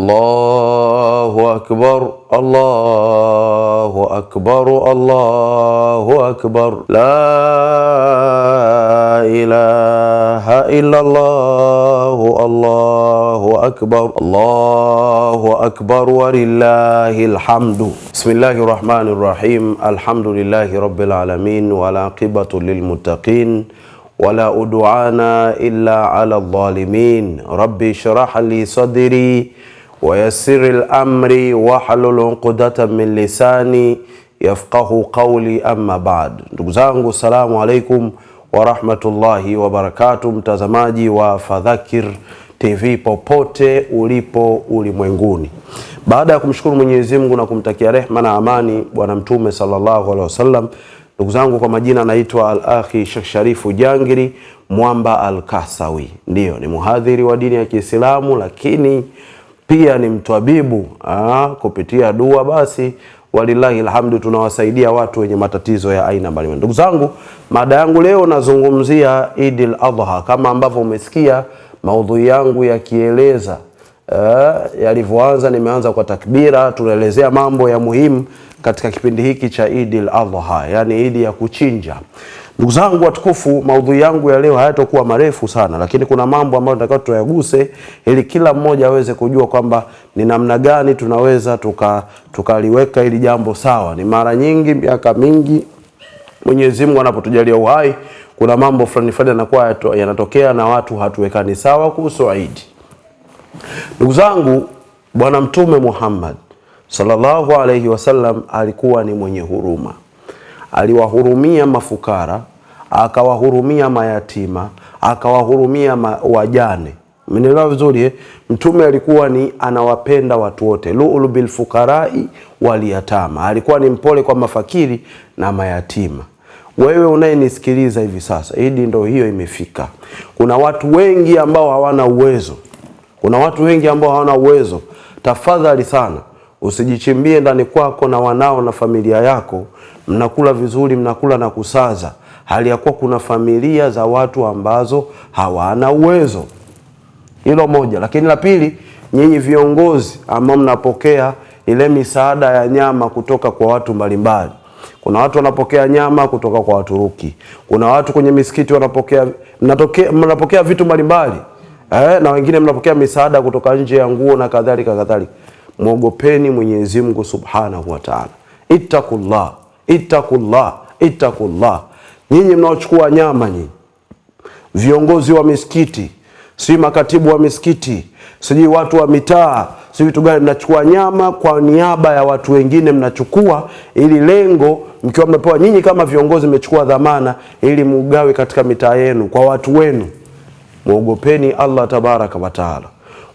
الله أكبر الله أكبر الله أكبر لا إله إلا الله الله أكبر الله أكبر ولله الحمد بسم الله الرحمن الرحيم الحمد لله رب العالمين قبة للمتقين ولا أدعانا إلا على الظالمين ربي اشرح لي صدري wayasiri lamri wahlul uqdata min lisani yafqahu qauli. Amma baad, ndugu zangu, salamu alaikum warahmatullahi wabarakatuh. Mtazamaji wa Fadhakir TV popote ulipo ulimwenguni, baada ya kumshukuru Mwenyezi Mungu na kumtakia rehma na amani Bwana Mtume sallallahu alaihi wasallam Ndugu zangu kwa majina naitwa Al-Akhi Sheikh Sharifu Jangiri Mwamba Al-Kasawi, ndiyo ni muhadhiri wa dini ya Kiislamu, lakini pia ni mtwabibu aa, ah, kupitia dua. Basi walilahi alhamdu, tunawasaidia watu wenye matatizo ya aina mbalimbali. Ndugu zangu, mada yangu leo nazungumzia Idil Adha, kama ambavyo umesikia maudhui yangu yakieleza eh, yalivyoanza. Nimeanza kwa takbira, tunaelezea mambo ya muhimu katika kipindi hiki cha Idi al-Adha, yani Idi ya kuchinja. Ndugu zangu watukufu, maudhui yangu ya leo hayatakuwa marefu sana, lakini kuna mambo ambayo nataka tuyaguse ili kila mmoja aweze kujua kwamba ni namna gani tunaweza tukaliweka tuka ili jambo sawa. Ni mara nyingi, miaka mingi, Mwenyezi Mungu anapotujalia uhai, kuna mambo fulani fulani yanakuwa yanatokea na watu hatuwekani sawa kuhusu Idi. Ndugu zangu, Bwana Mtume Muhammad sallallahu alayhi wasallam alikuwa ni mwenye huruma, aliwahurumia mafukara, akawahurumia mayatima, akawahurumia ma wajane. Mnaelewa vizuri eh? Mtume alikuwa ni anawapenda watu wote, luulu bilfukarai waliyatama, alikuwa ni mpole kwa mafakiri na mayatima. Wewe unayenisikiliza hivi sasa, Idi ndo hiyo imefika. Kuna watu wengi ambao hawana uwezo, kuna watu wengi ambao hawana uwezo. Tafadhali sana usijichimbie ndani kwako na wanao na familia yako, mnakula vizuri, mnakula na kusaza, hali ya kuwa kuna familia za watu ambazo hawana uwezo. Hilo moja, lakini la pili, nyinyi viongozi ambao mnapokea ile misaada ya nyama kutoka kwa watu mbalimbali kuna watu wanapokea nyama kutoka kwa Waturuki, kuna watu kwenye misikiti wanapokea, mnatokea, mnapokea vitu mbalimbali eh, na wengine mnapokea misaada kutoka nje ya nguo na kadhalika kadhalika mwogopeni Mwenyezi Mungu Subhanahu wa Ta'ala. Ittaqullah, ittaqullah, ittaqullah. Nyinyi mnaochukua nyama nyinyi, viongozi wa misikiti, si makatibu wa misikiti, sijui watu wa mitaa, si vitu gani, mnachukua nyama kwa niaba ya watu wengine, mnachukua ili lengo, mkiwa mmepewa nyinyi kama viongozi, mmechukua dhamana ili mugawe katika mitaa yenu kwa watu wenu. Mwogopeni Allah tabaraka wa taala.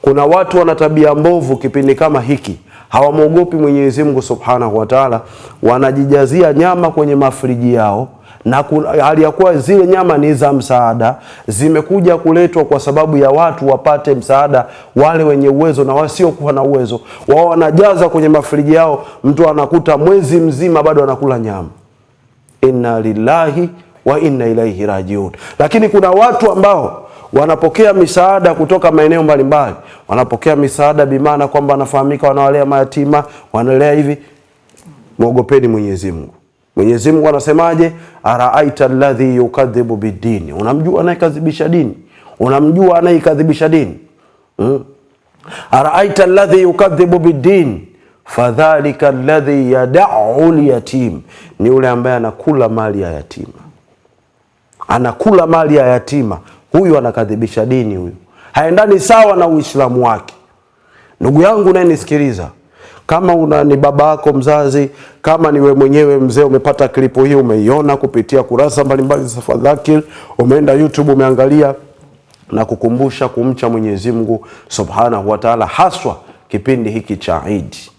Kuna watu wana tabia mbovu kipindi kama hiki, hawamwogopi Mwenyezi Mungu Subhanahu wa Ta'ala, wanajijazia nyama kwenye mafriji yao na hali ya kuwa zile nyama ni za msaada, zimekuja kuletwa kwa sababu ya watu wapate msaada, wale wenye uwezo na wasiokuwa na uwezo. Wao wanajaza kwenye mafriji yao, mtu anakuta mwezi mzima bado anakula nyama. Inna lillahi wa inna ilaihi rajiun. Lakini kuna watu ambao wanapokea misaada kutoka maeneo mbalimbali, wanapokea misaada bimaana kwamba wanafahamika, wanawalea mayatima, wanalea hivi. Mwogopeni Mwenyezi Mungu. Mwenyezi Mungu anasemaje? araaita alladhi yukadhibu bidini, unamjua anayekadhibisha dini? Unamjua anayeikadhibisha dini? hmm? araaita alladhi yukadhibu bidini fadhalika alladhi yadau lyatim, ni yule ambaye anakula mali ya yatima, anakula mali ya yatima huyu anakadhibisha dini, huyu haendani sawa na Uislamu wake. Ndugu yangu unayenisikiliza, kama una ni baba yako mzazi, kama niwe mwenyewe mzee, umepata klipu hii, umeiona kupitia kurasa mbalimbali za Fadhakir, umeenda YouTube umeangalia na kukumbusha kumcha Mwenyezi Mungu Subhanahu wa Ta'ala, haswa kipindi hiki cha Idi.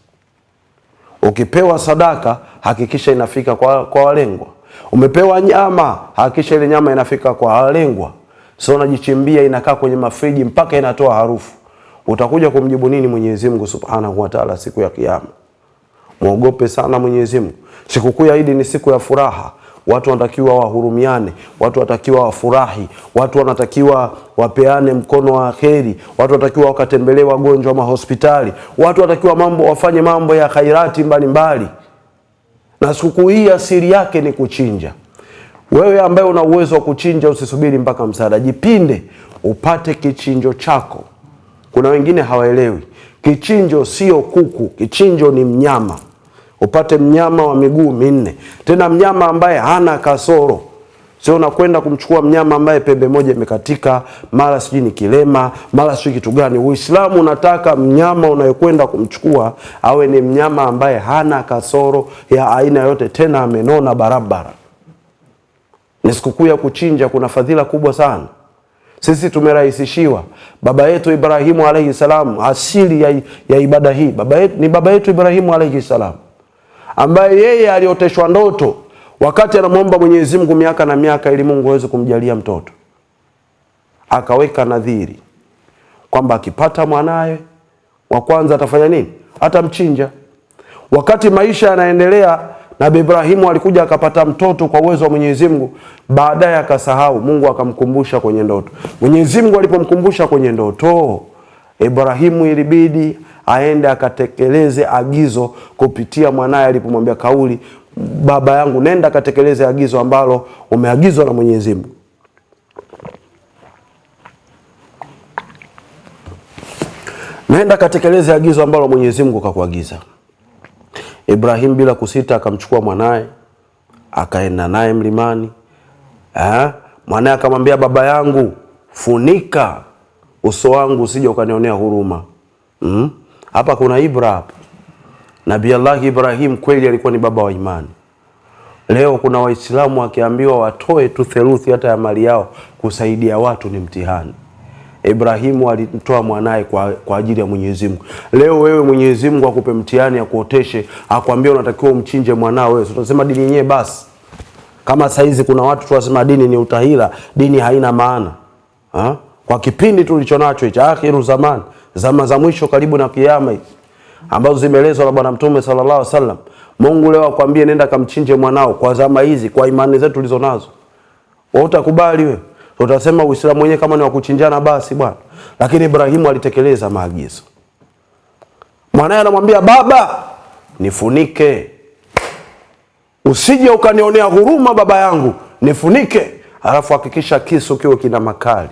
Ukipewa sadaka hakikisha inafika kwa, kwa walengwa. Umepewa nyama hakikisha ile nyama inafika kwa walengwa. So unajichimbia inakaa kwenye mafriji mpaka inatoa harufu. Utakuja kumjibu nini Mwenyezi Mungu Subhanahu wa Ta'ala siku ya kiyama? Muogope sana Mwenyezi Mungu. Sikukuu ya Idi ni siku ya furaha. Watu wanatakiwa wahurumiane, watu wanatakiwa wafurahi, watu wanatakiwa wapeane mkono wa heri watu wanatakiwa wakatembelee wagonjwa mahospitali, watu wanatakiwa mambo wafanye mambo ya khairati mbalimbali mbali. Na sikukuu hii asili yake ni kuchinja. Wewe ambaye una uwezo wa kuchinja usisubiri mpaka msaada, jipinde upate kichinjo chako. Kuna wengine hawaelewi, kichinjo sio kuku, kichinjo ni mnyama. Upate mnyama wa miguu minne, tena mnyama ambaye hana kasoro. Sio unakwenda kumchukua mnyama ambaye pembe moja imekatika, mara sijui ni kilema, mara sijui kitu gani. Uislamu unataka mnyama unayokwenda kumchukua awe ni mnyama ambaye hana kasoro ya aina yote, tena amenona barabara ni sikukuu ya kuchinja, kuna fadhila kubwa sana. Sisi tumerahisishiwa. Baba yetu Ibrahimu alaihi salam, asili ya, ya ibada hii baba yetu, ni baba yetu Ibrahimu alaihi salam ambaye yeye alioteshwa ndoto wakati anamwomba Mwenyezi Mungu miaka na miaka ili Mungu aweze kumjalia mtoto, akaweka nadhiri kwamba akipata mwanaye wa kwanza atafanya nini? Atamchinja. Wakati maisha yanaendelea Nabii Ibrahimu alikuja akapata mtoto kwa uwezo wa Mwenyezi Mungu, baadaye akasahau. Mungu akamkumbusha kwenye ndoto. Mwenyezi Mungu alipomkumbusha kwenye ndoto, Ibrahimu ilibidi aende akatekeleze agizo kupitia mwanaye alipomwambia kauli, baba yangu, nenda katekeleze agizo ambalo umeagizwa na Mwenyezi Mungu. Nenda katekeleze agizo ambalo Mwenyezi Mungu kakuagiza. Ibrahimu bila kusita akamchukua mwanaye akaenda naye mlimani. Eh, mwanaye akamwambia, baba yangu, funika uso wangu usije ukanionea huruma. Mm? Hapa kuna ibra hapa. Nabii Allah Ibrahim kweli alikuwa ni baba wa imani. Leo kuna Waislamu wakiambiwa watoe tu theluthi hata ya mali yao kusaidia watu ni mtihani. Ibrahimu alitoa mwanaye kwa, kwa ajili ya Mwenyezi Mungu. Leo wewe Mwenyezi Mungu akupe mtihani akuoteshe, akwambia unatakiwa umchinje mwanao wewe. Tunasema dini yenyewe basi. Kama saizi kuna watu tunasema dini ni utahila, dini haina maana. Ha? Kwa kipindi tulicho nacho hicho akhiru zaman, zama za mwisho karibu na kiyama hizi ambazo zimeelezwa na Bwana Mtume sallallahu alaihi wasallam. Mungu leo akwambie nenda kamchinje mwanao kwa zama hizi, kwa imani zetu tulizonazo. Wewe utakubali wewe? Utasema Uislamu wenyewe kama ni wa kuchinjana basi bwana. Lakini Ibrahimu alitekeleza maagizo. Mwanaye anamwambia baba, nifunike. Usije ukanionea huruma baba yangu, nifunike. Alafu hakikisha kisu kiwe kina makali.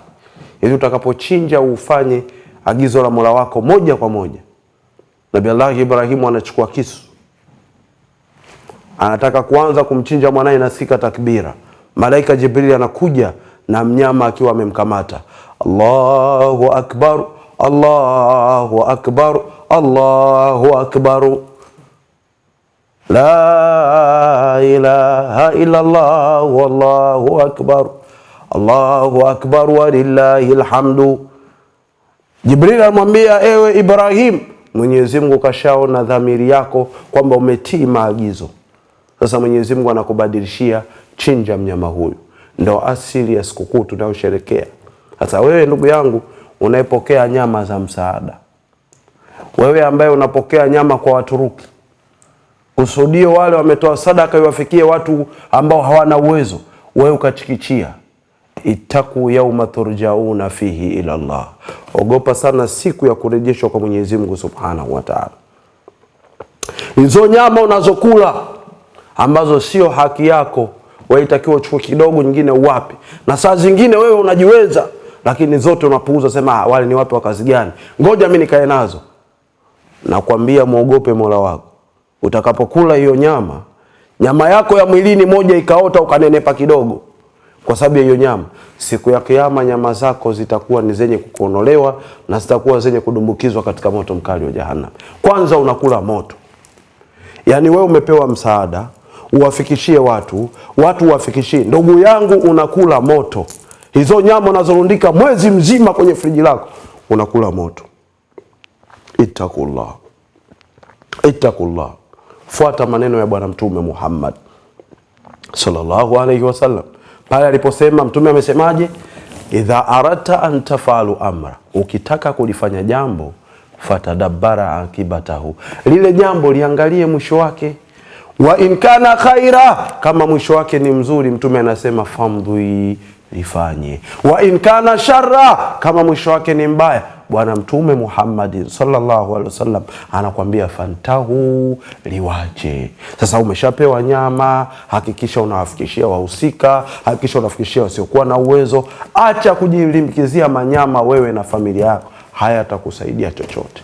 Ili utakapochinja ufanye agizo la Mola wako moja kwa moja. Nabii Allah Ibrahimu anachukua kisu. Anataka kuanza kumchinja mwanaye na sika takbira. Malaika Jibril anakuja na mnyama akiwa amemkamata. Allahu akbar, Allahu akbar, Allahu akbar, la ilaha illa Allah, wallahu akbar, Allahu akbar lillahi alhamdu. Jibril anamwambia ewe Ibrahim, Mwenyezi Mungu kashaona dhamiri yako kwamba umetii maagizo. Sasa Mwenyezi Mungu anakubadilishia, chinja mnyama huyu ndo asili ya sikukuu tunayosherekea. Sasa wewe ndugu yangu unayepokea nyama za msaada, wewe ambaye unapokea nyama kwa Waturuki, kusudio wale wametoa sadaka iwafikie watu ambao hawana uwezo, wewe ukachikichia itaku yauma turjauna fihi ila Allah, ogopa sana siku ya kurejeshwa kwa Mwenyezi Mungu subhanahu wa taala. Hizo nyama unazokula ambazo sio haki yako waitakiwa uchukue kidogo, nyingine uwape. Na saa zingine wewe unajiweza, lakini zote unapuuza, sema ah, wale ni wapi, wa kazi gani? Ngoja mimi nikae nazo. Nakwambia muogope Mola wako. Utakapokula hiyo nyama, nyama yako ya mwilini moja ikaota ukanenepa kidogo kwa sababu ya hiyo nyama. Siku ya Kiyama nyama zako zitakuwa ni zenye kukonolewa na zitakuwa zenye kudumbukizwa katika moto mkali wa jahanamu. Kwanza unakula moto, yaani wewe umepewa msaada uwafikishie watu, watu uwafikishie. Ndugu yangu, unakula moto. Hizo nyama unazorundika mwezi mzima kwenye friji lako unakula moto. Ittaqullah, ittaqullah, fuata maneno ya Bwana Mtume Muhammad sallallahu alaihi wasallam pale aliposema. Mtume amesemaje? idha aradta an tafalu amra, ukitaka kulifanya jambo fatadabara akibatahu, lile jambo liangalie mwisho wake wa inkana khaira, kama mwisho wake ni mzuri, mtume anasema famdhi, ifanye. Wa inkana shara, kama mwisho wake ni mbaya, bwana mtume muhammadi sallallahu alaihi wasallam anakwambia fantahu liwache Sasa umeshapewa nyama, hakikisha unawafikishia wahusika, hakikisha unafikishia wasiokuwa na uwezo. Acha kujilimbikizia manyama wewe na familia yako, haya atakusaidia chochote.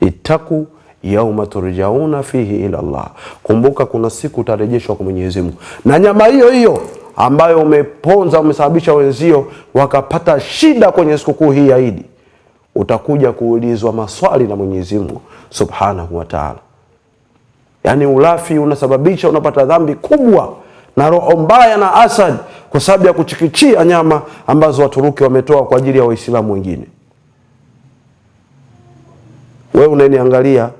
itaku yauma turjauna fihi ila Allah, kumbuka kuna siku utarejeshwa kwa Mwenyezi Mungu. Na nyama hiyo hiyo ambayo umeponza umesababisha wenzio wakapata shida kwenye sikukuu hii ya Idi, utakuja kuulizwa maswali na Mwenyezi Mungu subhanahu wa taala. Yaani ulafi unasababisha unapata dhambi kubwa na roho mbaya na asad, kwa sababu ya kuchikichia nyama ambazo Waturuki wametoa kwa ajili ya Waislamu wengine. Wewe unaniangalia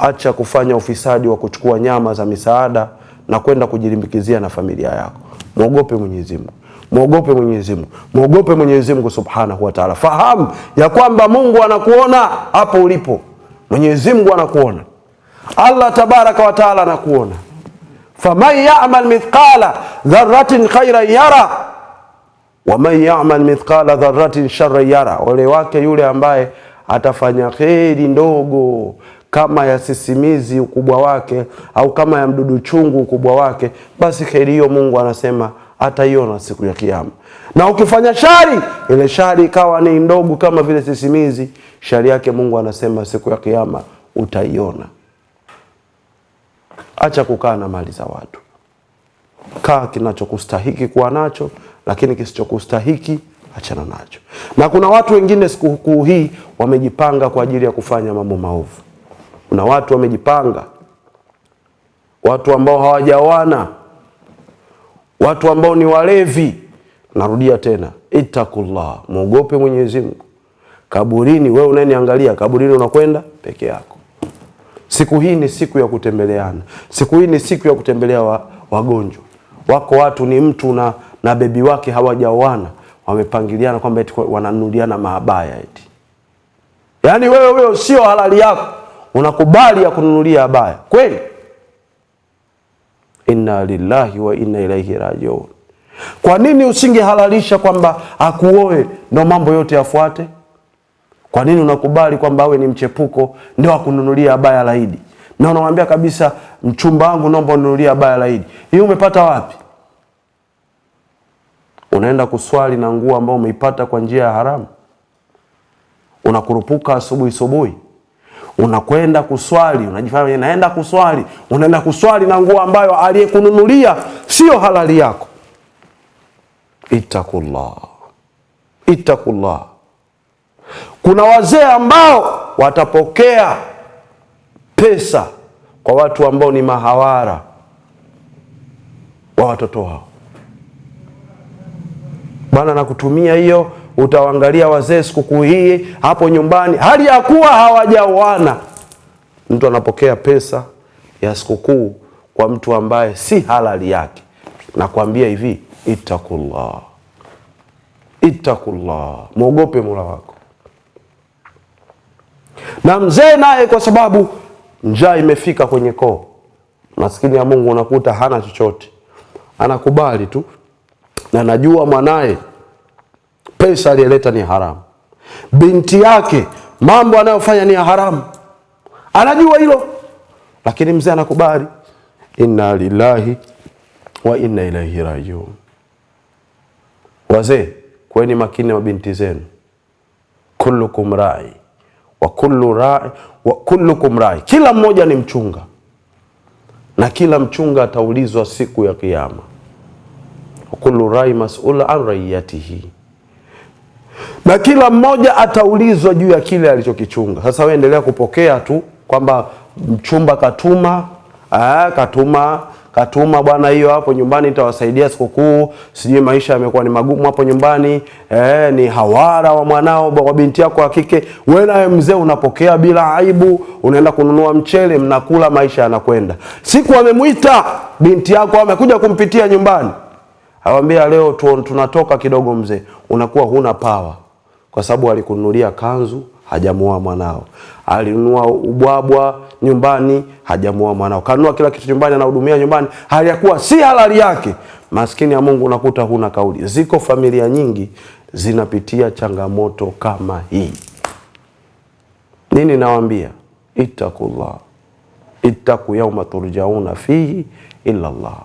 acha kufanya ufisadi wa kuchukua nyama za misaada na kwenda kujilimbikizia na familia yako. Mwogope Mwenyezi Mungu, mwogope Mwenyezi Mungu, mwogope Mwenyezi Mungu Subhanahu wa Ta'ala. Fahamu ya kwamba Mungu anakuona hapo ulipo. Mwenyezi Mungu anakuona, Allah Tabaraka wa Ta'ala anakuona. faman ya'mal mithqala dharratin khairan yara waman ya'mal mithqala dharratin sharran yara, ole wake yule ambaye atafanya kheri ndogo kama ya sisimizi ukubwa wake au kama ya mdudu chungu ukubwa wake, basi heri hiyo Mungu anasema ataiona siku ya Kiyama. Na ukifanya shari, ile shari ikawa ni ndogo kama vile sisimizi, shari yake Mungu anasema siku ya Kiyama utaiona. Acha kukaa na mali za watu, kaa kinachokustahiki kuwa nacho, lakini kisichokustahiki achana nacho. Na kuna watu wengine sikukuu hii wamejipanga kwa ajili ya kufanya mambo maovu. Kuna watu wamejipanga, watu ambao hawajawana watu ambao ni walevi. Narudia tena, itakullah mwogope Mwenyezi Mungu. Kaburini wewe unayeniangalia, kaburini unakwenda peke yako. Siku hii ni siku ya kutembeleana, siku hii ni siku ya kutembelea wa, wagonjwa wako. Watu ni mtu na, na bebi wake hawajaoana, wamepangiliana kwamba eti wananuliana maabaya eti, yaani wewe huyo sio halali yako unakubali ya kununulia abaya kweli? Inna lillahi wa inna ilaihi rajiun. Kwa nini usingehalalisha kwamba akuoe ndo mambo yote yafuate? Kwa nini unakubali kwamba awe ni mchepuko ndio akununulia abaya laidi, na unamwambia kabisa mchumba wangu naomba ununulia abaya laidi? Hii umepata wapi? Unaenda kuswali na nguo ambayo umeipata kwa njia ya haramu, unakurupuka asubuhi subuhi unakwenda kuswali, unajifanya naenda kuswali, unaenda kuswali na nguo ambayo aliyekununulia sio halali yako. Itakullah, itakullah. Kuna wazee ambao watapokea pesa kwa watu ambao ni mahawara wa watoto wao. Bwana nakutumia hiyo utawaangalia wazee sikukuu hii hapo nyumbani, hali ya kuwa hawajaoana. Mtu anapokea pesa ya sikukuu kwa mtu ambaye si halali yake. Nakwambia hivi, ittaqullah, ittaqullah, mwogope Mola wako. Na mzee naye, kwa sababu njaa imefika kwenye koo, maskini ya Mungu unakuta hana chochote, anakubali tu na najua mwanaye pesa aliyeleta ni haramu, binti yake mambo anayofanya ni ya haramu, anajua hilo, lakini mzee anakubali. Inna lillahi wa inna ilaihi rajiun. Wazee, kweni makini mabinti zenu. Kullukum rai wa kullu rai wa kullukum rai, kila mmoja ni mchunga na kila mchunga ataulizwa siku ya Kiyama. Kullu rai masul an raiyatihi na kila mmoja ataulizwa juu ya kile alichokichunga. Sasa wewe endelea kupokea tu kwamba mchumba katuma aa, ah, katuma katuma bwana, hiyo hapo nyumbani itawasaidia sikukuu, sijui maisha yamekuwa ni magumu hapo nyumbani eh, ni hawara wa mwanao wa binti yako wa kike. Wewe nawe mzee unapokea bila aibu, unaenda kununua mchele, mnakula, maisha yanakwenda. Siku amemwita binti yako, amekuja kumpitia nyumbani Awambia leo tu, tunatoka kidogo mzee, unakuwa huna pawa, kwa sababu alikununulia kanzu hajamuoa mwanao, alinunua ubwabwa nyumbani hajamuoa mwanao, kanunua kila kitu nyumbani, anahudumia nyumbani, hali ya kuwa si halali yake. Maskini ya Mungu, unakuta huna kauli. Ziko familia nyingi zinapitia changamoto kama hii. Nini nawambia Ittaqullah, ittaqu yauma turjauna fihi illa Allah.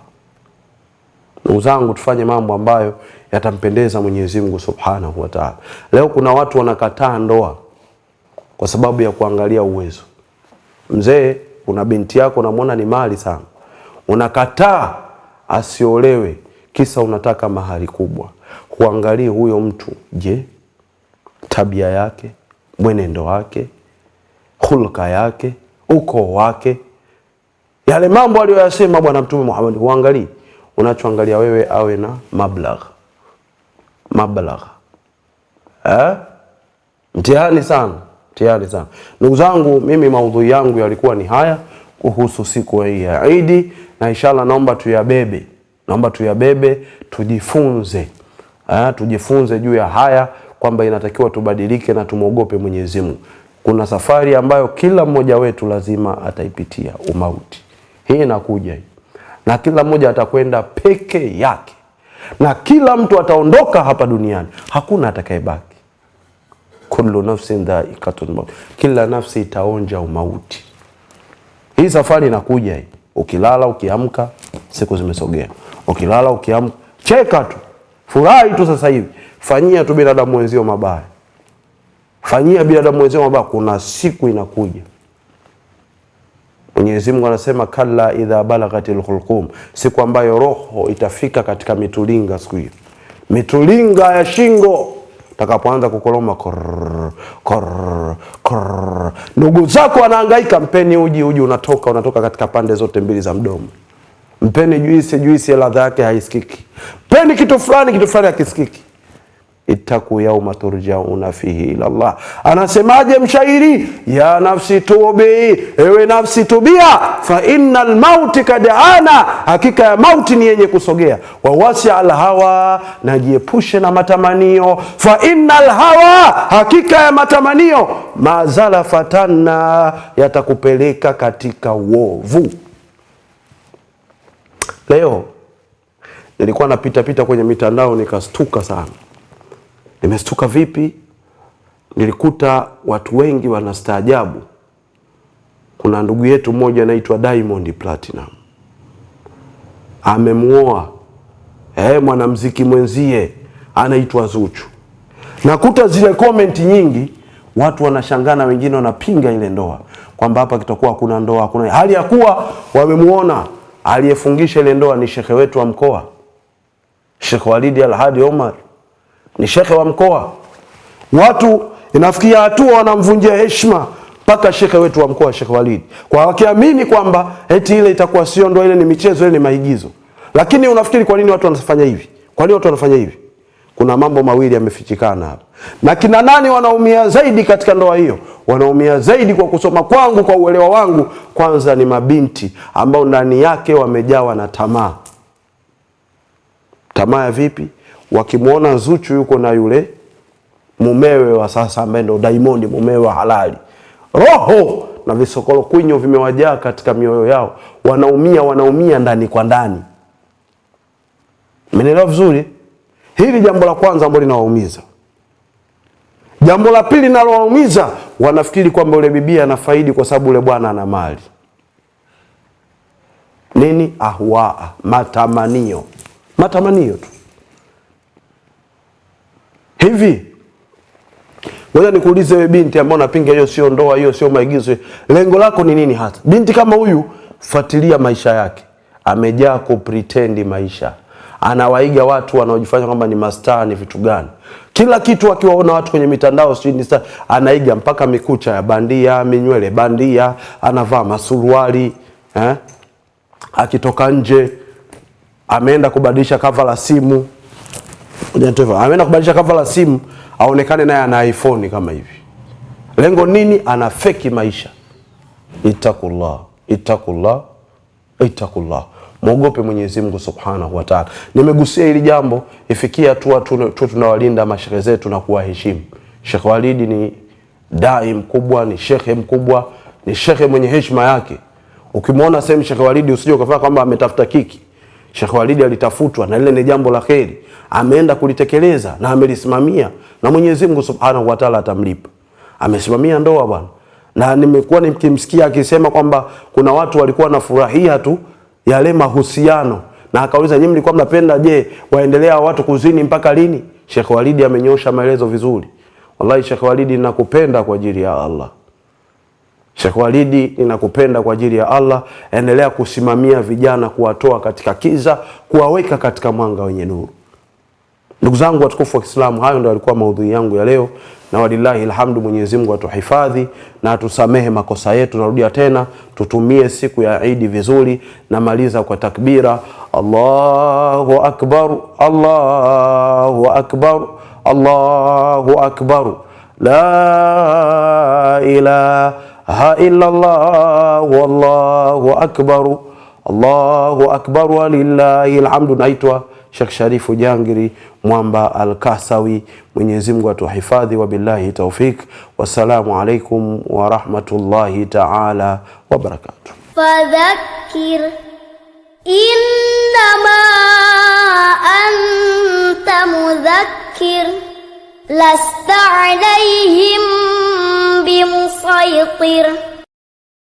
Ndugu zangu, tufanye mambo ambayo yatampendeza Mwenyezi Mungu Subhanahu wa Ta'ala. Leo kuna watu wanakataa ndoa kwa sababu ya kuangalia uwezo. Mzee, una binti yako unamwona ni mali sana, unakataa asiolewe, kisa unataka mahari kubwa. Huangalii huyo mtu, je, tabia yake, mwenendo wake, hulka yake, ukoo wake, yale mambo aliyoyasema Bwana Mtume Muhammad, huangalii unachoangalia wewe awe na mablagha mablagha, eh? Mtihani sana mtihani sana ndugu zangu, mimi maudhui yangu yalikuwa ni haya kuhusu siku hii ya Idi, na inshallah naomba tuyabebe, naomba tuyabebe, tujifunze eh, tujifunze juu ya haya kwamba inatakiwa tubadilike na tumwogope Mwenyezi Mungu. Kuna safari ambayo kila mmoja wetu lazima ataipitia, umauti hii inakuja hii na kila mmoja atakwenda peke yake, na kila mtu ataondoka hapa duniani, hakuna atakayebaki. kullu nafsin dha'iqatul maut, kila nafsi itaonja umauti. Hii safari inakuja hii, ukilala ukiamka, siku zimesogea. Ukilala ukiamka, cheka tu, furahi tu. Sasa hivi fanyia tu binadamu wenzio mabaya, fanyia binadamu wenzio mabaya, kuna siku inakuja. Mwenyezi Mungu anasema kalla idha balagati hulqum, siku ambayo roho itafika katika mitulinga. Siku hiyo mitulinga ya shingo takapoanza kukoloma Ndugu zako anahangaika, mpeni uji, uji unatoka unatoka katika pande zote mbili za mdomo. Mpeni juisi, juisi ladha yake haisikiki. Mpeni kitu fulani, kitu fulani hakisikiki ittaku yauma turjauna fihi ila Allah. Anasemaje mshairi? ya nafsi tubi, ewe nafsi tubia, fa inna lmauti kad ana, hakika ya mauti ni yenye kusogea. Wawasi alhawa, najiepushe na matamanio. Fa inna lhawa, hakika ya matamanio, mazala fatanna, yatakupeleka katika uovu. Leo nilikuwa napitapita kwenye mitandao nikastuka sana Nimestuka vipi? Nilikuta watu wengi wanastaajabu. Kuna ndugu yetu mmoja anaitwa Diamond Platinum amemwoa eh, mwanamuziki mwenzie anaitwa Zuchu. Nakuta zile komenti nyingi, watu wanashangana, wengine wanapinga ile ndoa kwamba hapa kitakuwa kuna ndoa, kuna hali ya kuwa wamemwona aliyefungisha ile ndoa ni shekhe wetu wa mkoa Sheikh Walidi Alhadi Omar ni shekhe wa mkoa. Watu inafikia hatua wanamvunjia heshima mpaka shekhe wetu wa mkoa Shekhe Walid, kwa wakiamini kwamba eti ile itakuwa sio ndo, ile ni michezo, ile ni maigizo. Lakini unafikiri kwa nini watu wanafanya hivi? Kwa nini watu wanafanya hivi? Kuna mambo mawili yamefichikana hapa. Na kina nani wanaumia zaidi katika ndoa hiyo? Wanaumia zaidi kwa kusoma kwangu, kwa uelewa wangu, kwanza ni mabinti ambao ndani yake wamejawa na tamaa. Tamaa ya vipi? wakimwona Zuchu yuko na yule mumewe wa sasa ambaye ndo Diamond, mumewe wa halali, roho na visokolo kwinyo vimewajaa katika mioyo yao, wanaumia, wanaumia ndani kwa ndani. Mmenielewa vizuri? Hili jambo la kwanza ambalo linawaumiza. Jambo la pili linalowaumiza, wanafikiri kwamba yule bibi anafaidi kwa sababu yule bwana ana mali. Nini? Ahwaa, matamanio, matamanio tu Hivi ngoja nikuulize wewe binti ambaye unapinga hiyo sio ndoa, hiyo sio maigizo, lengo lako ni nini hasa? Binti kama huyu, fuatilia maisha yake, amejaa kupretendi maisha anawaiga watu wanaojifanya kwamba ni mastaa, ni vitu gani? Kila kitu akiwaona watu kwenye mitandao, sijui ni star, anaiga mpaka mikucha ya bandia, minywele bandia, anavaa masuruali eh? Akitoka nje ameenda kubadilisha kava la simu ameenda kubadilisha kava la simu aonekane naye ana iPhone kama hivi. Lengo nini? Ana feki maisha. Itakullah, itakullah, itakullah, mwogope Mwenyezi Mungu Subhanahu wa Ta'ala. Nimegusia hili jambo, ifikia hatua tu tunawalinda mashehe zetu na kuwaheshimu. Sheikh Walidi ni dai mkubwa, ni shekhe mkubwa, ni shekhe mwenye heshima yake. Ukimwona sehemu Sheikh Walidi usije ukafanya kwamba ametafuta kiki. Sheikh Walidi alitafutwa na lile ni jambo la kheri, ameenda kulitekeleza na amelisimamia, na Mwenyezi Mungu Subhanahu wa Ta'ala atamlipa. Amesimamia ndoa bwana, na nimekuwa nikimsikia akisema kwamba kuna watu walikuwa furahia tu yale mahusiano, na akauliza nyinyi mlikuwa mnapenda, je, waendelea watu kuzini mpaka lini? Sheikh Walidi amenyosha maelezo vizuri. Wallahi Sheikh Walidi, nakupenda kwa ajili ya Allah. Sheikh Walid, ninakupenda kwa ajili ya Allah. Endelea kusimamia vijana, kuwatoa katika kiza, kuwaweka katika mwanga wenye nuru. Ndugu zangu watukufu wa Kiislamu, hayo ndio yalikuwa maudhui yangu ya leo, na walillahi alhamdu. Mwenyezi Mungu atuhifadhi na atusamehe makosa yetu. Narudia tena, tutumie siku ya Idi vizuri. Namaliza kwa takbira, Allahu akbar, Allahu akbar, Allahu akbar, la ilaha ها إلا الله والله أكبر الله أكبر ولله الحمد نايتوا شيخ شريف جانجري موانبا الكاسوي من يزمغة حفاظ وبالله توفيق والسلام عليكم ورحمة الله تعالى وبركاته فذكر إنما أنت مذكر لست عليهم بمسيطر